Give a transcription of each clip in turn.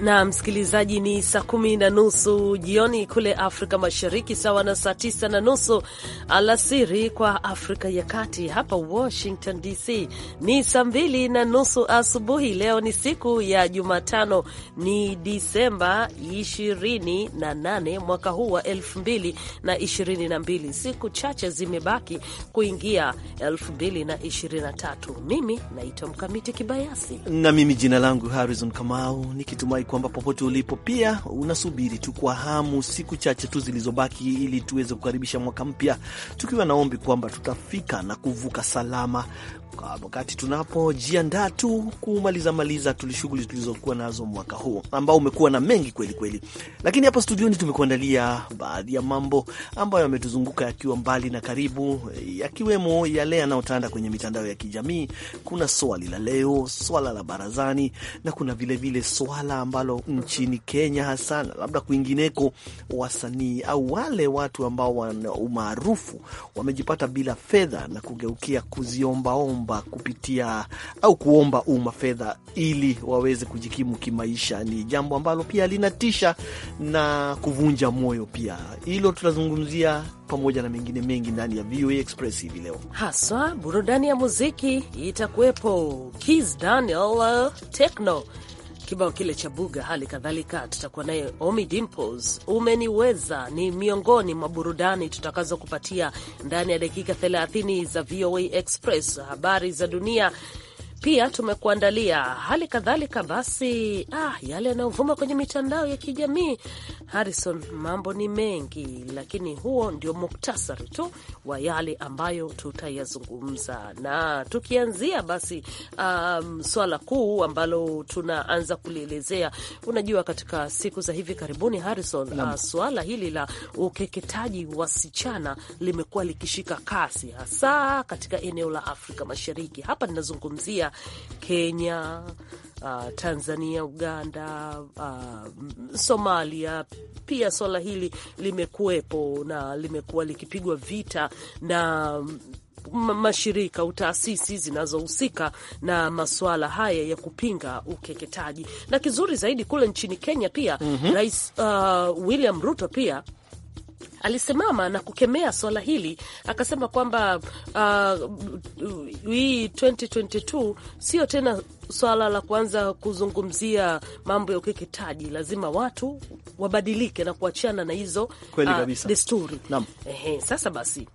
na msikilizaji, ni saa kumi na nusu jioni kule Afrika Mashariki, sawa na saa tisa na nusu alasiri kwa Afrika ya Kati. Hapa Washington DC ni saa mbili na nusu asubuhi. Leo ni siku ya Jumatano, ni Disemba 28 mwaka huu wa 2022. Siku chache zimebaki kuingia 2023. Mimi naitwa Mkamiti Kibayasi na mimi jina langu Harrison Kamau nikituma natumai kwamba popote ulipo pia unasubiri tu kwa hamu siku chache tu zilizobaki, ili tuweze kukaribisha mwaka mpya tukiwa na ombi kwamba tutafika na kuvuka salama wakati tunapojiandaa tu kumaliza maliza tulishughuli tulizokuwa nazo mwaka huu ambao umekuwa na mengi kweli kweli, lakini hapa studioni tumekuandalia baadhi ya mambo ambayo yametuzunguka yakiwa mbali na karibu, yakiwemo yale yanayotanda kwenye mitandao ya kijamii. Kuna swali la leo, swala la barazani, na kuna vilevile vile swala ambalo nchini Kenya hasa na labda kwingineko, wasanii au wale watu ambao wana umaarufu wamejipata bila fedha na kugeukia kuziombaomba kuomba kupitia au kuomba umma fedha ili waweze kujikimu kimaisha. Ni jambo ambalo pia linatisha na kuvunja moyo pia. Hilo tutazungumzia pamoja na mengine mengi ndani ya VOA Express hivi leo, haswa burudani ya muziki itakuwepo. Kizz Daniel, uh, kibao kile cha Buga. Hali kadhalika tutakuwa naye Omi Dimples, umeniweza ni miongoni mwa burudani tutakazo kupatia ndani ya dakika 30 za VOA Express, habari za dunia pia tumekuandalia hali kadhalika. Basi ah, yale yanayovuma kwenye mitandao ya kijamii Harrison, mambo ni mengi, lakini huo ndio muktasari tu wa yale ambayo tutayazungumza, na tukianzia basi um, swala kuu ambalo tunaanza kulielezea, unajua katika siku za hivi karibuni Harrison, uh, swala hili la ukeketaji wasichana limekuwa likishika kasi hasa katika eneo la Afrika Mashariki. Hapa ninazungumzia Kenya uh, Tanzania, Uganda, uh, Somalia pia swala hili limekuwepo na limekuwa likipigwa vita na mashirika au taasisi zinazohusika na masuala haya ya kupinga ukeketaji. Na kizuri zaidi kule nchini Kenya pia mm -hmm. Rais uh, William Ruto pia alisimama na kukemea swala hili, akasema kwamba uh, hii uh, 2022 sio tena swala la kuanza kuzungumzia mambo ya ukeketaji. Lazima watu wabadilike na kuachana na hizo uh, desturi. Ehe, sasa basi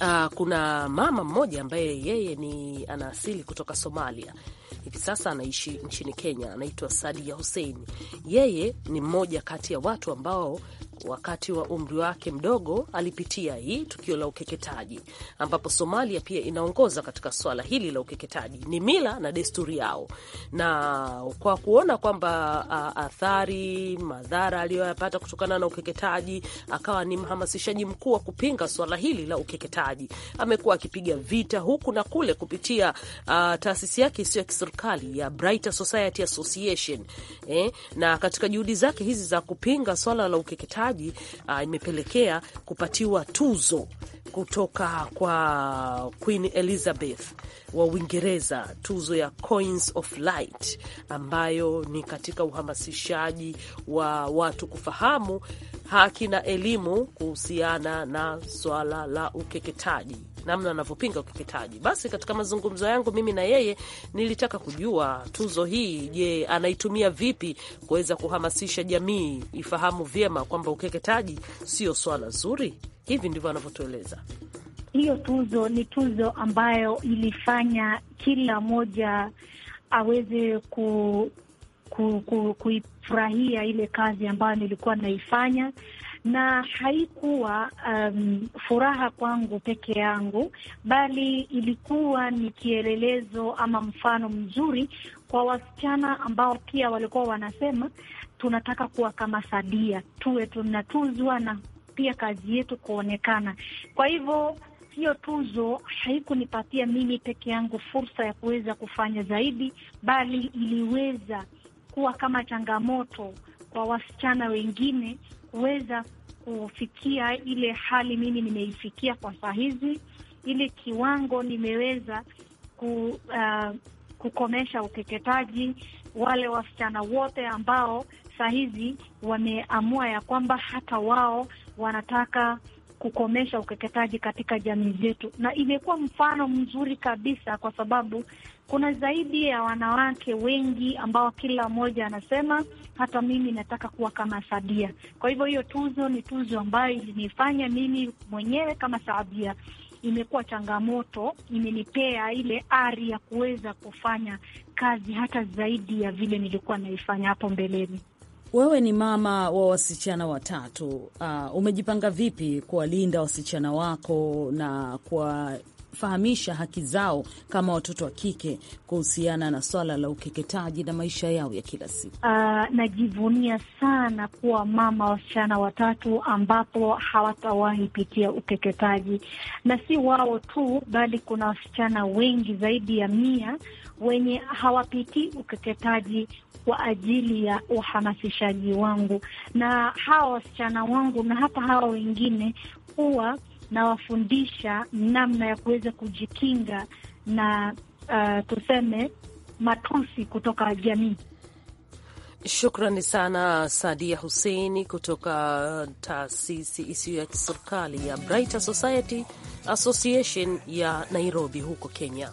Uh, kuna mama mmoja ambaye yeye ni ana asili kutoka Somalia, hivi sasa anaishi nchini Kenya, anaitwa Sadia Hussein. Yeye ni mmoja kati ya watu ambao wakati wa umri wake mdogo alipitia hii tukio la ukeketaji, ambapo Somalia pia inaongoza katika swala hili la ukeketaji. Ni mila na desturi yao, na kwa kuona kwamba athari, madhara aliyoyapata kutokana na ukeketaji, akawa ni mhamasishaji mkuu wa kupinga swala hili la ukeketaji. Amekuwa akipiga vita huku na kule kupitia uh, taasisi yake isiyo ya kiserikali ya Brighter Society Association eh, na katika juhudi zake hizi za kupinga swala la ukeketaji uwajibikaji uh, imepelekea kupatiwa tuzo kutoka kwa Queen Elizabeth wa Uingereza, tuzo ya Coins of Light ambayo ni katika uhamasishaji wa watu kufahamu haki na elimu kuhusiana na swala la ukeketaji, namna anavyopinga ukeketaji. Basi katika mazungumzo yangu mimi na yeye nilitaka kujua tuzo hii, je, anaitumia vipi kuweza kuhamasisha jamii ifahamu vyema kwamba ukeketaji sio swala zuri. Hivi ndivyo anavyotueleza. Hiyo tuzo ni tuzo ambayo ilifanya kila mmoja aweze ku, ku, ku, ku, kufurahia ile kazi ambayo nilikuwa naifanya, na haikuwa um, furaha kwangu peke yangu, bali ilikuwa ni kielelezo ama mfano mzuri kwa wasichana ambao pia walikuwa wanasema tunataka kuwa kama Sadia, tuwe tunatuzwa na pia kazi yetu kuonekana. Kwa hivyo hiyo tuzo haikunipatia mimi peke yangu fursa ya kuweza kufanya zaidi, bali iliweza kuwa kama changamoto kwa wasichana wengine kuweza kufikia ile hali mimi nimeifikia kwa saa hizi, ile kiwango nimeweza ku, uh, kukomesha ukeketaji. Wale wasichana wote ambao saa hizi wameamua ya kwamba hata wao wanataka kukomesha ukeketaji katika jamii zetu, na imekuwa mfano mzuri kabisa, kwa sababu kuna zaidi ya wanawake wengi ambao kila mmoja anasema hata mimi nataka kuwa kama Sadia. Kwa hivyo hiyo tuzo ni tuzo ambayo ilinifanya mimi mwenyewe kama Sadia imekuwa changamoto, imenipea ile ari ya kuweza kufanya kazi hata zaidi ya vile nilikuwa naifanya hapo mbeleni. Wewe ni mama wa wasichana watatu. Uh, umejipanga vipi kuwalinda wasichana wako na kuwafahamisha haki zao kama watoto wa kike kuhusiana na swala la ukeketaji na maisha yao ya kila siku? Uh, najivunia sana kuwa mama wa wasichana watatu ambapo hawatawahi pitia ukeketaji, na si wao tu, bali kuna wasichana wengi zaidi ya mia wenye hawapitii ukeketaji kwa ajili ya uhamasishaji wangu, na hawa wasichana wangu na hata hawa wengine huwa nawafundisha namna ya kuweza kujikinga na uh, tuseme matusi kutoka jamii. Shukrani sana Sadia Huseini kutoka uh, taasisi isiyo ya kiserikali ya Brighter Society Association ya Nairobi huko Kenya.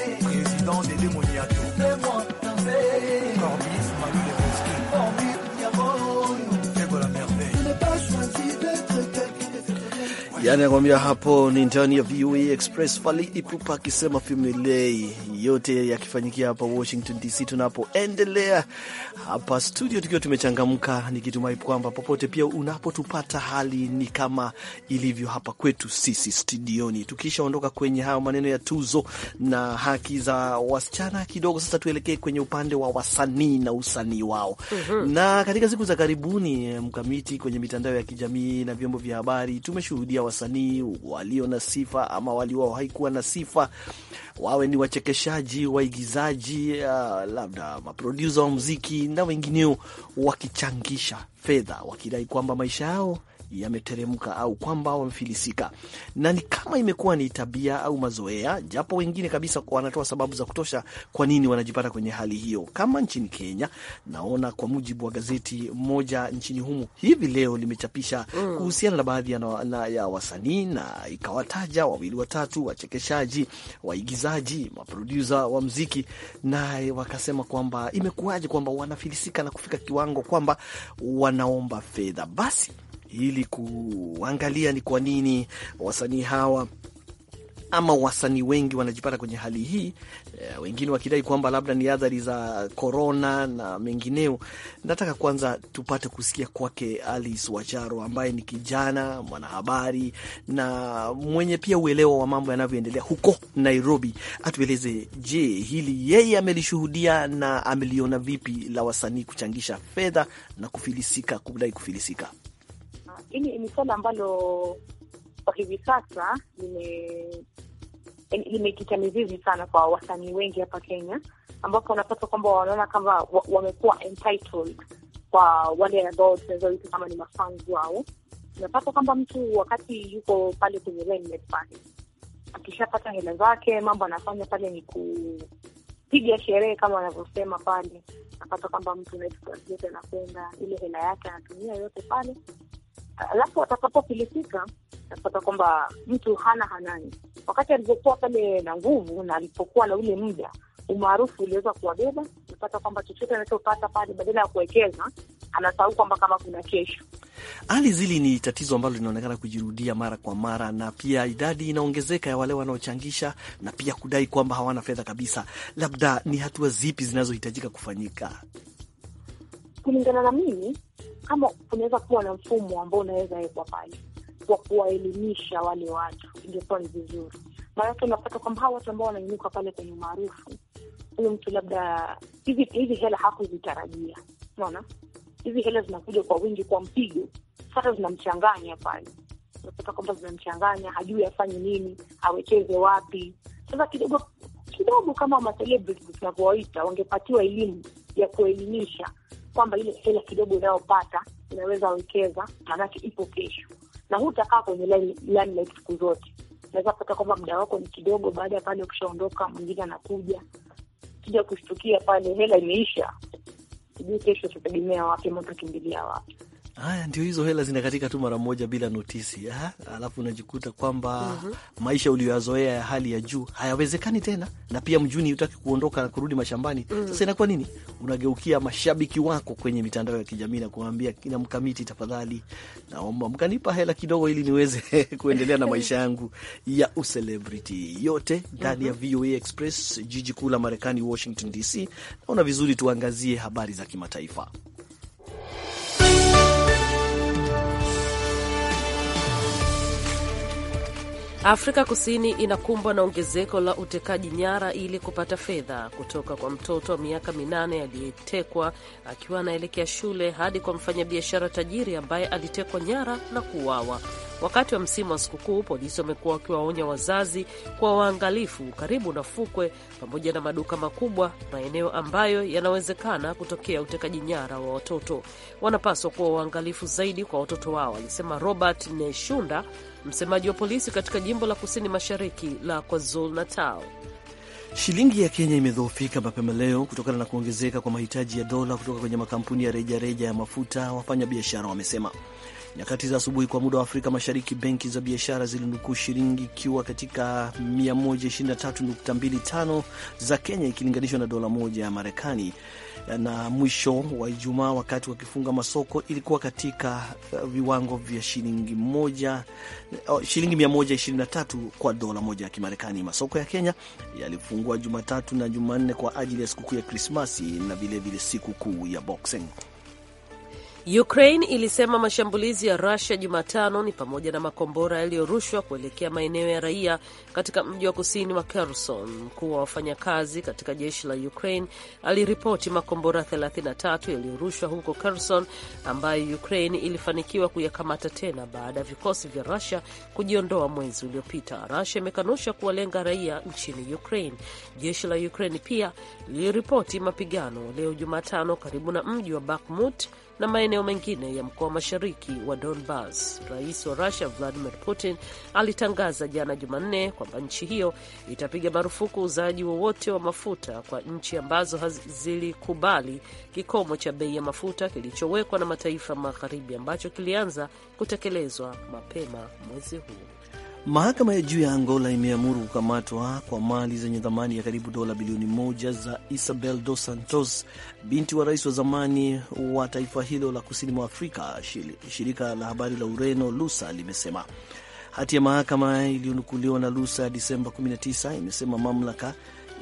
dans des démoniaques. Yani nakwambia hapo ni ndani ya VOA Express. Fally Ipupa akisema Fimilei, yote yakifanyikia hapa Washington DC, tunapoendelea hapa studio tukiwa tumechangamka, nikitumai kwamba popote pia unapotupata hali ni kama ilivyo hapa kwetu sisi studioni. Tukishaondoka kwenye hayo maneno ya tuzo na haki za wasichana kidogo, sasa tuelekee kwenye upande wa wasanii na usanii wao. mm -hmm. Na katika siku za karibuni, Mkamiti, kwenye mitandao ya kijamii na vyombo vya habari tumeshuhudia wasanii walio na sifa ama waliowahi kuwa na sifa, wawe ni wachekeshaji, waigizaji, uh, labda maprodusa wa muziki na wengineo, wakichangisha fedha wakidai kwamba maisha yao yameteremka au kwamba wamefilisika, na ni kama imekuwa ni tabia au mazoea, japo wengine kabisa wanatoa sababu za kutosha kwa nini wanajipata kwenye hali hiyo. Kama nchini Kenya, naona kwa mujibu wa gazeti moja nchini humo hivi leo limechapisha mm. kuhusiana na baadhi ya, ya wasanii na ikawataja wawili watatu, wachekeshaji, waigizaji, maprodusa wa mziki, naye wakasema kwamba imekuwaje kwamba wanafilisika na kufika kiwango kwamba wanaomba fedha basi ili kuangalia ni kwa nini wasanii hawa ama wasanii wengi wanajipata kwenye hali hii, eh, wengine wakidai kwamba labda ni athari za korona na mengineo. Nataka kwanza tupate kusikia kwake Alice Wacharo ambaye ni kijana mwanahabari na mwenye pia uelewa wa mambo yanavyoendelea huko Nairobi, atueleze, je, hili yeye amelishuhudia na ameliona vipi la wasanii kuchangisha fedha na kufilisika, kudai kufilisika Hili yaani, ni swala ambalo kwa hivi sasa yaani, limekita mizizi sana kwa wasanii wengi hapa Kenya, ambapo wanapata kwamba wanaona kama wamekuwa entitled kwa wale ambao tunazoita kama ni mafans wao. Unapata kwamba mtu wakati yuko pale kwenye limelight pale, akishapata hela zake, mambo anafanya pale ni kupiga sherehe kama wanavyosema pale. Napata kwamba mtu anakwenda ile hela yake anatumia yote pale alafu watakapofilisika napata kwamba mtu hana hanani. Wakati alivyokuwa pale na nguvu na alipokuwa na ule muda umaarufu uliweza kuwabeba, napata kwamba chochote anachopata pale, badala ya kuwekeza, anasahau kwamba kama kuna kesho. Hali zili ni tatizo ambalo linaonekana kujirudia mara kwa mara, na pia idadi inaongezeka ya wale wanaochangisha na pia kudai kwamba hawana fedha kabisa. Labda ni hatua zipi zinazohitajika kufanyika kulingana na mimi, kama kunaweza kuwa na mfumo ambao unaweza wekwa pale wa kuwaelimisha wale watu, ingekuwa ni vizuri. Maanake unapata kwamba hawa watu ambao wanainuka pale kwenye umaarufu, huyu mtu labda hizi hizi hela hakuzitarajia, unaona, hizi hela zinakuja kwa wingi, kwa mpigo. Sasa zinamchanganya pale, unapata kwamba zinamchanganya, hajui afanye nini, awekeze wapi. Sasa kidogo kidogo, kama ma tunavyowaita, wangepatiwa elimu ya kuelimisha kwamba ile hela kidogo inayopata inaweza wekeza, maanake ipo kesho, na hu utakaa kwenye limelight siku zote. Unaweza pata kwamba muda wako ni kidogo, baada ya pale ukishaondoka, mwingine anakuja kija kushtukia pale, hela imeisha, sijui kesho utategemea wapi, moto kimbilia wapi. Haya ndio hizo hela zinakatika tu mara moja bila notisi ha? Alafu unajikuta kwamba mm -hmm. maisha uliyoyazoea ya hali ya juu hayawezekani tena, na pia mjuni utaki kuondoka na kurudi mashambani mm -hmm. Sasa inakuwa nini? Unageukia mashabiki wako kwenye mitandao ya kijamii na kuwaambia, kina mkamiti, tafadhali naomba mkanipa hela kidogo ili niweze kuendelea na maisha yangu ya ucelebrity. Yote ndani ya mm -hmm. VOA Express, jiji kuu la Marekani, Washington DC. Naona vizuri tuangazie habari za kimataifa. Afrika Kusini inakumbwa na ongezeko la utekaji nyara ili kupata fedha kutoka kwa mtoto wa miaka minane aliyetekwa akiwa anaelekea shule hadi kwa mfanyabiashara tajiri ambaye alitekwa nyara na kuuawa. Wakati wa msimu wa sikukuu, polisi wamekuwa wakiwaonya wazazi kwa waangalifu karibu na fukwe pamoja na maduka makubwa, maeneo ambayo yanawezekana kutokea utekaji nyara wa watoto. Wanapaswa kuwa waangalifu zaidi kwa watoto wao, alisema Robert Neshunda, msemaji wa polisi katika jimbo la kusini mashariki la kwazul Natal. Shilingi ya Kenya imedhoofika mapema leo kutokana na kuongezeka kwa mahitaji ya dola kutoka kwenye makampuni ya rejareja reja ya mafuta, wafanyabiashara wamesema. Nyakati za asubuhi kwa muda wa Afrika Mashariki, benki za biashara zilinukuu shilingi ikiwa katika 123.25 za Kenya ikilinganishwa na dola moja ya Marekani na mwisho wa Ijumaa wakati wakifunga masoko ilikuwa katika uh, viwango vya shilingi moja, uh, shilingi 123 kwa dola moja ya Kimarekani. Masoko ya Kenya yalifungua Jumatatu na Jumanne kwa ajili ya sikukuu ya Krismasi na vilevile sikukuu ya Boxing. Ukraine ilisema mashambulizi ya Russia Jumatano ni pamoja na makombora yaliyorushwa kuelekea maeneo ya raia katika mji wa kusini wa Kherson. Mkuu wa wafanyakazi katika jeshi la Ukraine aliripoti makombora 33 yaliyorushwa huko Kherson, ambayo Ukraine ilifanikiwa kuyakamata tena baada ya vikosi vya Rusia kujiondoa mwezi uliopita. Rusia imekanusha kuwalenga raia nchini Ukraine. Jeshi la Ukraine pia liliripoti mapigano leo Jumatano karibu na mji wa Bakhmut na maeneo mengine ya mkoa wa mashariki wa Donbas. Rais wa Rusia Vladimir Putin alitangaza jana Jumanne kwamba nchi hiyo itapiga marufuku uuzaji wowote wa mafuta kwa nchi ambazo zilikubali kikomo cha bei ya mafuta kilichowekwa na mataifa magharibi ambacho kilianza kutekelezwa mapema mwezi huu. Mahakama ya juu ya Angola imeamuru kukamatwa kwa mali zenye thamani ya karibu dola bilioni moja za Isabel Dos Santos, binti wa rais wa zamani wa taifa hilo la kusini mwa Afrika. Shirika la habari la Ureno Lusa limesema Hati ya mahakama iliyonukuliwa na Lusa Disemba 19 imesema mamlaka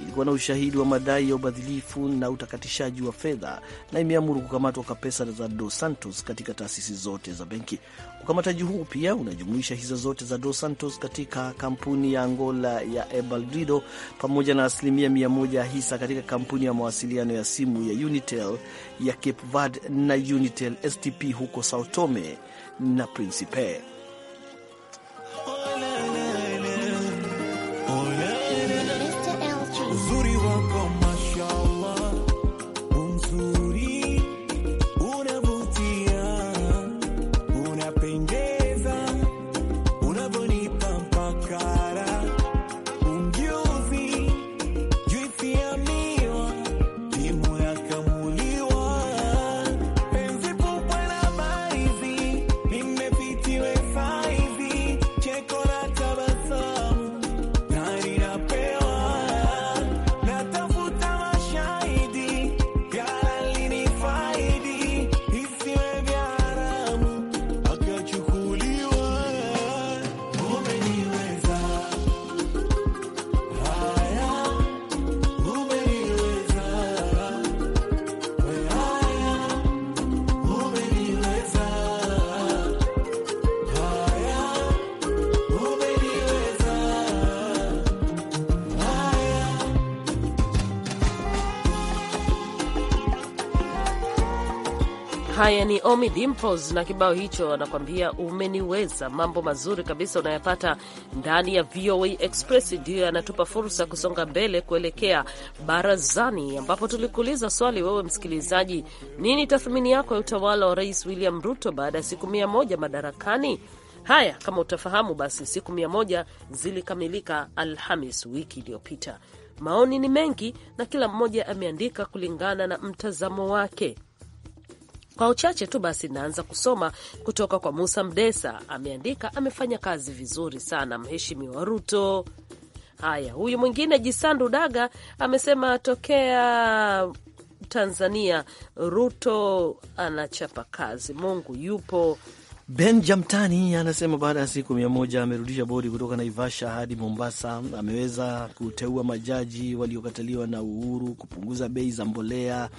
ilikuwa na ushahidi wa madai ya ubadhilifu na utakatishaji wa fedha na imeamuru kukamatwa kwa pesa za Dos Santos katika taasisi zote za benki. Ukamataji huu pia unajumuisha hisa zote za Dos Santos katika kampuni ya Angola ya Ebaldido pamoja na asilimia mia moja ya hisa katika kampuni ya mawasiliano ya simu ya Unitel ya Cape Verde na Unitel STP huko Sao Tome na Principe. Haya ni Omi Dimples na kibao hicho, anakwambia umeniweza. Mambo mazuri kabisa unayapata ndani ya VOA Express, ndiyo yanatupa fursa kusonga mbele kuelekea barazani, ambapo tulikuuliza swali, wewe msikilizaji, nini tathmini yako ya utawala wa Rais William Ruto baada ya siku mia moja madarakani? Haya, kama utafahamu, basi siku mia moja zilikamilika Alhamis wiki iliyopita. Maoni ni mengi na kila mmoja ameandika kulingana na mtazamo wake. Kwa uchache tu basi, naanza kusoma kutoka kwa Musa Mdesa, ameandika amefanya kazi vizuri sana Mheshimiwa Ruto. Haya, huyu mwingine Jisandu Daga amesema tokea Tanzania, Ruto anachapa kazi, Mungu yupo Ben Jamtani anasema baada ya siku mia moja amerudisha bodi kutoka Naivasha hadi Mombasa. Ameweza kuteua majaji waliokataliwa na Uhuru, kupunguza bei za mbolea,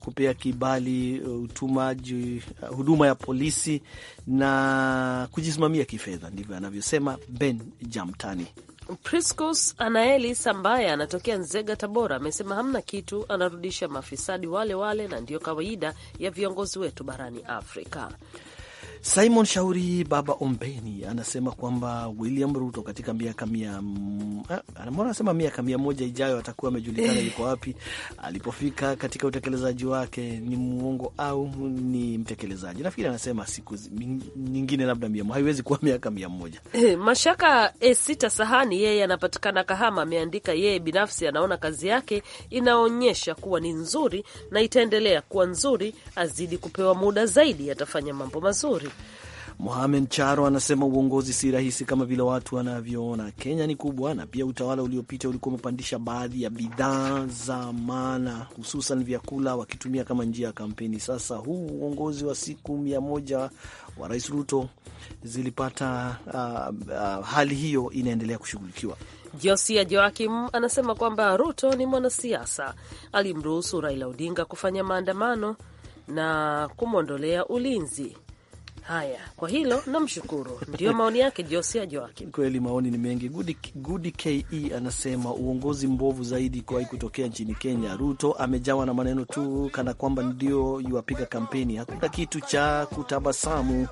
kupea kibali uh, utumaji uh, huduma ya polisi na kujisimamia kifedha. Ndivyo anavyosema Ben Jamtani. Priscus Anaelis ambaye anatokea Nzega, Tabora, amesema hamna kitu, anarudisha mafisadi wale wale, na ndiyo kawaida ya viongozi wetu barani Afrika. Simon Shauri baba Ombeni anasema kwamba William Ruto katika miaka mia eh, mbona anasema miaka mia moja ijayo atakuwa amejulikana eh. yuko wapi alipofika katika utekelezaji wake, ni muongo au ni mtekelezaji? Nafikiri anasema siku nyingine labda mia, haiwezi kuwa miaka mia moja. Eh, Mashaka e, sita sahani yeye anapatikana Kahama, ameandika yeye binafsi anaona kazi yake inaonyesha kuwa ni nzuri na itaendelea kuwa nzuri, azidi kupewa muda zaidi, atafanya mambo mazuri. Mohamed Charo anasema uongozi si rahisi kama vile watu wanavyoona. Kenya ni kubwa na pia utawala uliopita ulikuwa umepandisha baadhi ya bidhaa za maana, hususan vyakula, wakitumia kama njia ya kampeni. Sasa huu uongozi wa siku mia moja wa Rais Ruto zilipata uh, uh, hali hiyo inaendelea kushughulikiwa. Josia Joakim anasema kwamba Ruto ni mwanasiasa, alimruhusu Raila Odinga kufanya maandamano na kumwondolea ulinzi Haya, kwa hilo namshukuru. ndio maoni yake Josia Joakim. Kweli maoni ni mengi. Gudi, Gudi ke anasema uongozi mbovu zaidi kuwahi kutokea nchini Kenya. Ruto amejawa na maneno tu kana kwamba ndio yuwapiga kampeni, hakuna kitu cha kutabasamu.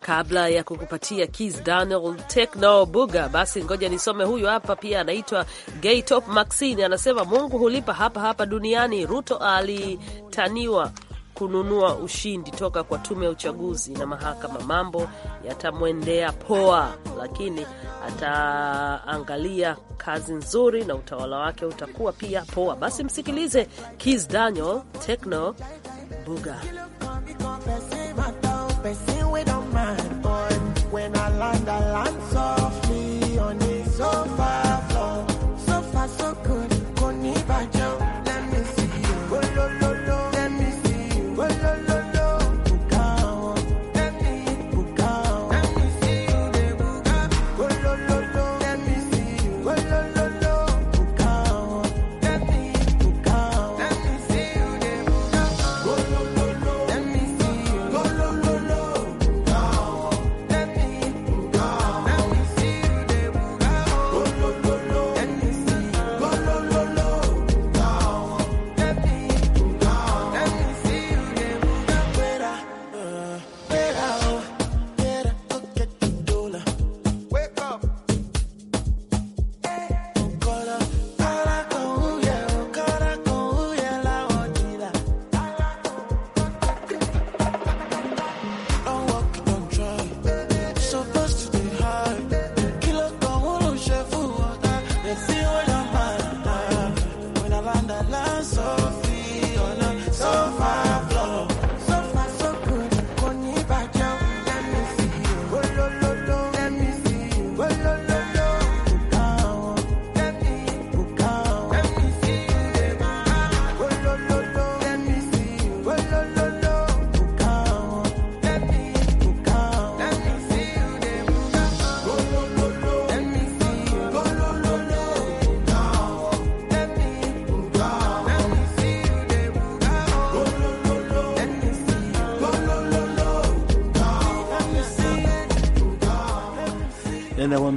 Kabla ya kukupatia Kis Daniel Tekno Buga, basi ngoja nisome huyu hapa pia, anaitwa Gaytop Maxine, anasema Mungu hulipa hapa hapa duniani. Ruto alitaniwa kununua ushindi toka kwa tume ya uchaguzi na mahakama, mambo yatamwendea poa, lakini ataangalia kazi nzuri na utawala wake utakuwa pia poa. Basi msikilize kis Daniel tecno Buga.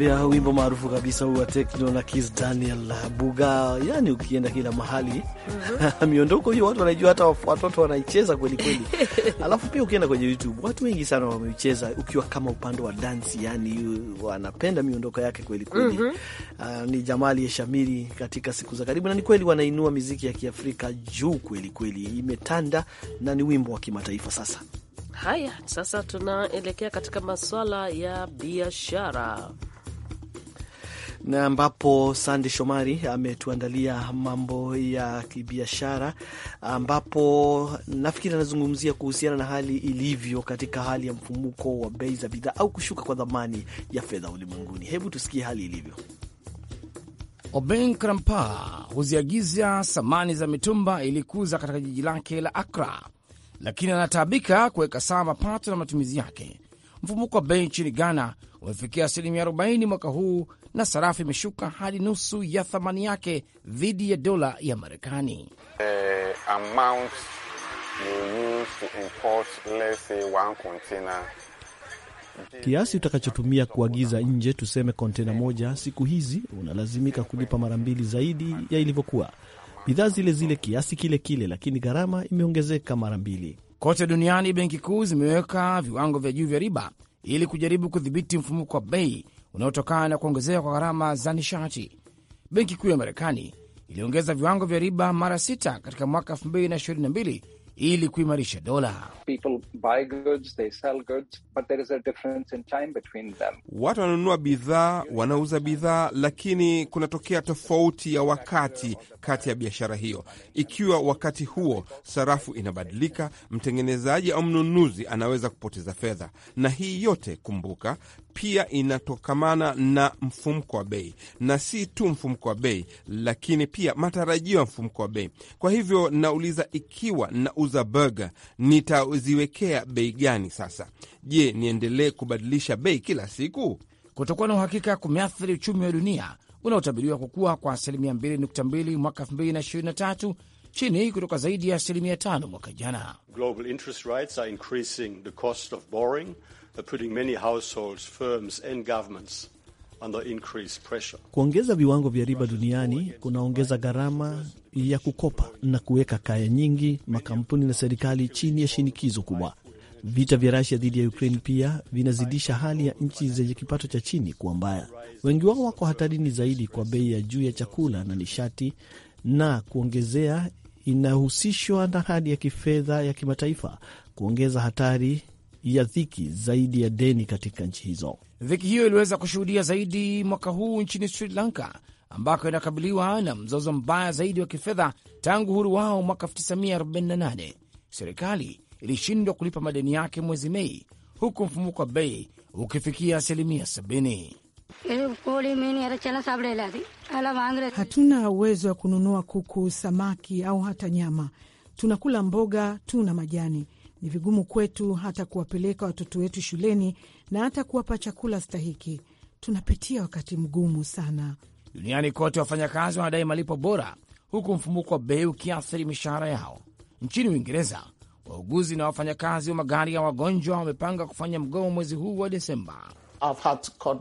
anakuambia wimbo maarufu kabisa huu wa Tekno na Kis Daniel Buga, yani ukienda kila mahali mm -hmm. miondoko hiyo watu wanaijua, hata watoto wanaicheza kweli kweli. Alafu pia ukienda kwenye YouTube watu wengi sana wameicheza, ukiwa kama upande wa dansi, yani wanapenda miondoko yake kweli kweli mm -hmm. uh, ni Jamali Shamiri katika siku za karibu, na ni kweli wanainua miziki ya Kiafrika juu kweli kweli, imetanda na ni wimbo wa kimataifa sasa. Haya, sasa tunaelekea katika masuala ya biashara na ambapo Sande Shomari ametuandalia mambo ya kibiashara, ambapo nafikiri anazungumzia kuhusiana na hali ilivyo katika hali ya mfumuko wa bei za bidhaa au kushuka kwa dhamani ya fedha ulimwenguni. Hebu tusikie hali ilivyo. oben Krampa huziagiza samani za mitumba ili kuuza katika jiji lake la Akra, lakini anataabika kuweka sawa mapato na matumizi yake. Mfumuko wa bei nchini Ghana umefikia asilimia 40 mwaka huu na sarafu imeshuka hadi nusu ya thamani yake dhidi ya dola ya Marekani. Kiasi utakachotumia kuagiza nje, tuseme kontena moja, siku hizi unalazimika kulipa mara mbili zaidi ya ilivyokuwa. Bidhaa zile zile, kiasi kile kile, lakini gharama imeongezeka mara mbili. Kote duniani benki kuu zimeweka viwango vya juu vya riba ili kujaribu kudhibiti mfumuko wa bei unaotokana na kuongezeka kwa gharama za nishati. Benki Kuu ya Marekani iliongeza viwango vya riba mara sita katika mwaka 2022 ili kuimarisha dola. Watu wananunua bidhaa, wanauza bidhaa, lakini kunatokea tofauti ya wakati kati ya biashara hiyo. Ikiwa wakati huo sarafu inabadilika, mtengenezaji au mnunuzi anaweza kupoteza fedha, na hii yote kumbuka, pia inatokamana na mfumko wa bei, na si tu mfumko wa bei, lakini pia matarajio ya mfumko wa bei. Kwa hivyo nauliza, ikiwa na nauza burger nitaziwekea bei gani sasa? Je, niendelee kubadilisha bei kila siku? Kutokuwa na uhakika kumeathiri uchumi wa dunia unaotabiriwa kukua kwa asilimia 2.2 mwaka 2023 chini kutoka zaidi ya asilimia 5 mwaka jana. Kuongeza viwango vya riba duniani kunaongeza gharama ya kukopa na kuweka kaya nyingi, makampuni na serikali chini ya shinikizo kubwa. Vita vya rasia dhidi ya Ukraine pia vinazidisha hali ya nchi zenye kipato cha chini kuwa mbaya. Wengi wao wako hatarini zaidi kwa bei ya juu ya chakula na nishati, na kuongezea inahusishwa na hali ya kifedha ya kimataifa, kuongeza hatari ya dhiki zaidi ya deni katika nchi hizo. Dhiki hiyo iliweza kushuhudia zaidi mwaka huu nchini Sri Lanka ambako inakabiliwa na mzozo mbaya zaidi wa kifedha tangu uhuru wao mwaka 1948. Serikali ilishindwa kulipa madeni yake mwezi Mei, huku mfumuko wa bei ukifikia asilimia 70. Hatuna uwezo wa kununua kuku, samaki au hata nyama. Tunakula mboga tu na majani. Ni vigumu kwetu hata kuwapeleka watoto wetu shuleni na hata kuwapa chakula stahiki. Tunapitia wakati mgumu sana. Duniani kote wafanyakazi wanadai malipo bora, huku mfumuko wa bei ukiathiri mishahara yao. Nchini Uingereza, wauguzi na wafanyakazi wa magari ya wagonjwa wamepanga kufanya mgomo mwezi huu wa Desemba. Uh,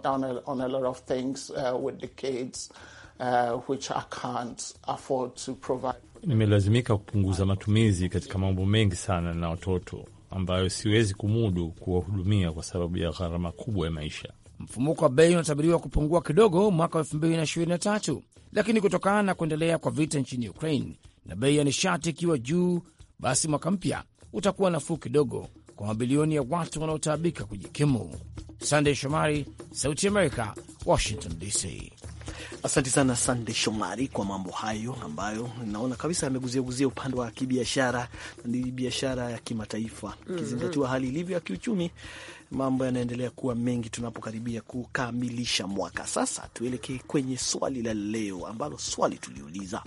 uh, Nimelazimika kupunguza matumizi katika mambo mengi sana na watoto ambayo siwezi kumudu kuwahudumia kwa sababu ya gharama kubwa ya maisha. Mfumuko wa bei unatabiriwa kupungua kidogo mwaka wa 2023 lakini kutokana na kuendelea kwa vita nchini Ukraine na bei ya nishati ikiwa juu, basi mwaka mpya utakuwa nafuu kidogo kwa mabilioni ya watu wanaotaabika kujikimu. Sandey Shomari, Sauti America, Amerika, Washington DC. Asante sana Sande Shomari kwa mambo hayo ambayo naona kabisa yameguziaguzia upande wa kibiashara, ni biashara ya kimataifa ikizingatiwa mm -hmm. hali ilivyo ya kiuchumi Mambo yanaendelea kuwa mengi tunapokaribia kukamilisha mwaka. Sasa tuelekee kwenye swali la leo, ambalo swali tuliuliza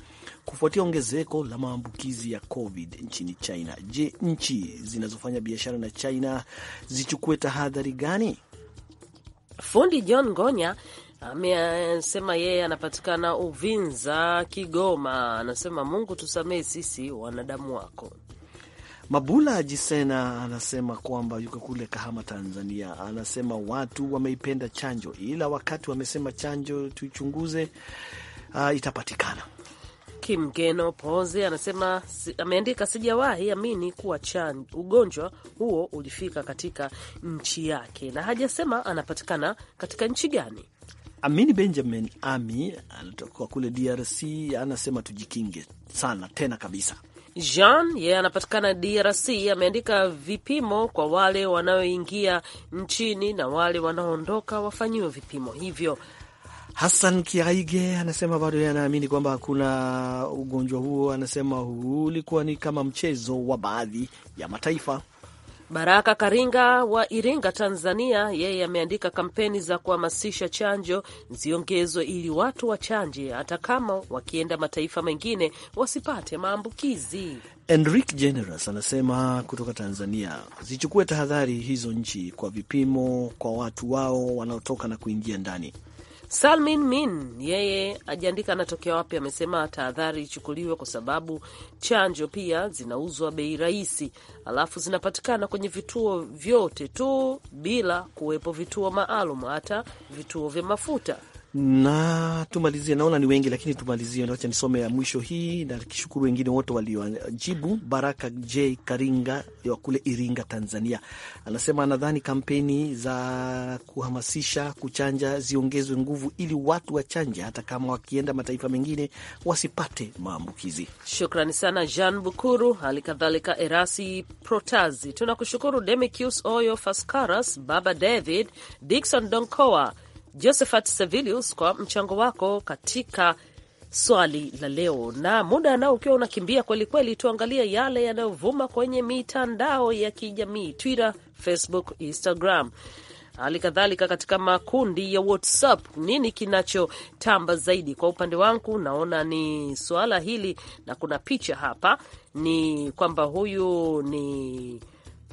kufuatia ongezeko la maambukizi ya COVID nchini China, je, nchi zinazofanya biashara na China zichukue tahadhari gani? Fundi John Ngonya amesema yeye anapatikana Uvinza, Kigoma. Anasema Mungu tusamehe sisi wanadamu wako Mabula Jisena anasema kwamba yuko kule Kahama, Tanzania. Anasema watu wameipenda chanjo, ila wakati wamesema chanjo tuichunguze, uh, itapatikana. kimgeno Poze anasema ameandika, sijawahi amini kuwa chan, ugonjwa huo ulifika katika nchi yake, na hajasema anapatikana katika nchi gani. Amini Benjamin Ami anatoka kule DRC anasema tujikinge sana tena kabisa. Jean yeye anapatikana DRC ameandika vipimo kwa wale wanaoingia nchini na wale wanaoondoka wafanyiwe vipimo hivyo. Hassan Kiaige anasema bado yeye anaamini kwamba hakuna ugonjwa huo. Anasema huu ulikuwa ni kama mchezo wa baadhi ya mataifa. Baraka Karinga wa Iringa, Tanzania, yeye ameandika kampeni za kuhamasisha chanjo ziongezwe ili watu wachanje hata kama wakienda mataifa mengine wasipate maambukizi. Enric Generas anasema kutoka Tanzania, zichukue tahadhari hizo nchi kwa vipimo kwa watu wao wanaotoka na kuingia ndani. Salmin Min yeye ajiandika anatokea wapi, amesema tahadhari ichukuliwe kwa sababu chanjo pia zinauzwa bei rahisi, alafu zinapatikana kwenye vituo vyote tu bila kuwepo vituo maalum, hata vituo vya mafuta na tumalizie, naona ni wengi lakini tumalizie, acha nisome ya mwisho hii, na kishukuru wengine wote waliojibu. Baraka J Karinga wa kule Iringa, Tanzania, anasema anadhani kampeni za kuhamasisha kuchanja ziongezwe nguvu, ili watu wachanje, hata kama wakienda mataifa mengine wasipate maambukizi. Shukrani sana Jean Bukuru, hali kadhalika Erasi Protazi, tunakushukuru Demikius Oyo Faskaras, Baba David Dikson Donkoa Josephat Sevilius, kwa mchango wako katika swali la leo. Na muda nao ukiwa unakimbia kwelikweli, tuangalie yale yanayovuma kwenye mitandao ya kijamii Twitter, Facebook, Instagram, hali kadhalika katika makundi ya WhatsApp. Nini kinachotamba zaidi? Kwa upande wangu, naona ni suala hili, na kuna picha hapa, ni kwamba huyu ni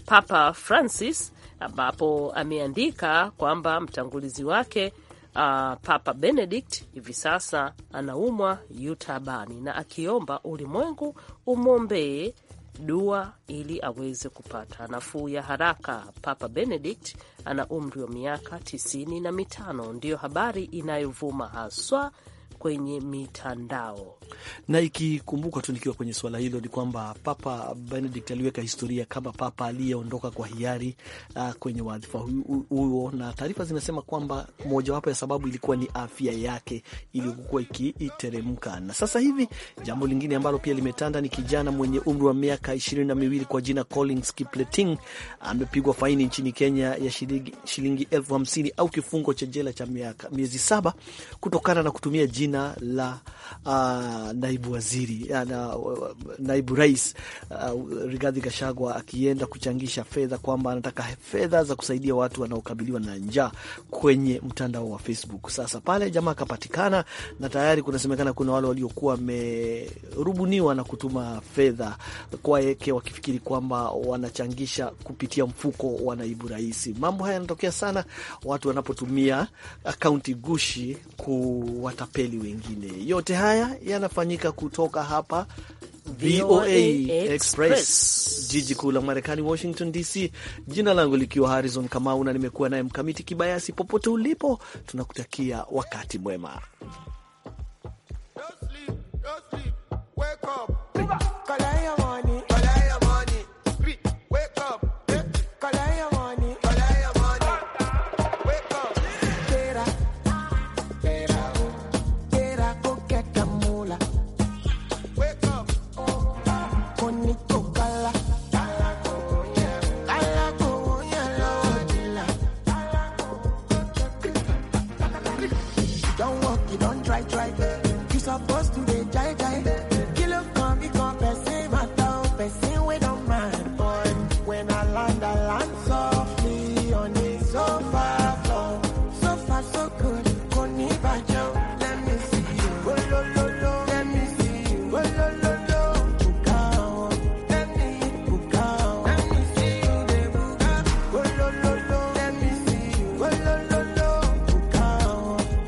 Papa Francis ambapo ameandika kwamba mtangulizi wake Uh, Papa Benedict hivi sasa anaumwa yutabani na akiomba ulimwengu umwombee dua ili aweze kupata nafuu ya haraka. Papa Benedict ana umri wa miaka tisini na mitano. Ndiyo habari inayovuma haswa kwenye mitandao na ikikumbuka tu nikiwa kwenye suala hilo ni kwamba Papa Benedict aliweka historia kama papa aliyeondoka kwa hiari uh, kwenye wadhifa huo, na taarifa zinasema kwamba mojawapo ya sababu ilikuwa ni afya yake iliyokuwa ikiteremka. Na sasa hivi jambo lingine ambalo pia limetanda ni kijana mwenye umri wa miaka ishirini na miwili kwa jina Collins Kipleting amepigwa faini nchini Kenya ya shilingi, shilingi elfu hamsini au kifungo cha jela cha miaka miezi saba kutokana na kutumia jina la uh, naibu waziri na naibu rais uh, Rigathi Gachagua akienda kuchangisha fedha kwamba anataka fedha za kusaidia watu wanaokabiliwa na njaa kwenye mtandao wa Facebook. Sasa pale jamaa akapatikana na tayari kunasemekana kuna wale waliokuwa wamerubuniwa na kutuma fedha kwake wakifikiri kwamba wanachangisha kupitia mfuko wa naibu rais. Mambo haya yanatokea sana watu wanapotumia akaunti gushi kuwatapeli wengine. Yote haya yana yanafanyika kutoka hapa VOA Express, jiji kuu la Marekani, Washington DC. Jina langu likiwa Harrison Kamau na nimekuwa naye Mkamiti Kibayasi. Popote ulipo, tunakutakia wakati mwema.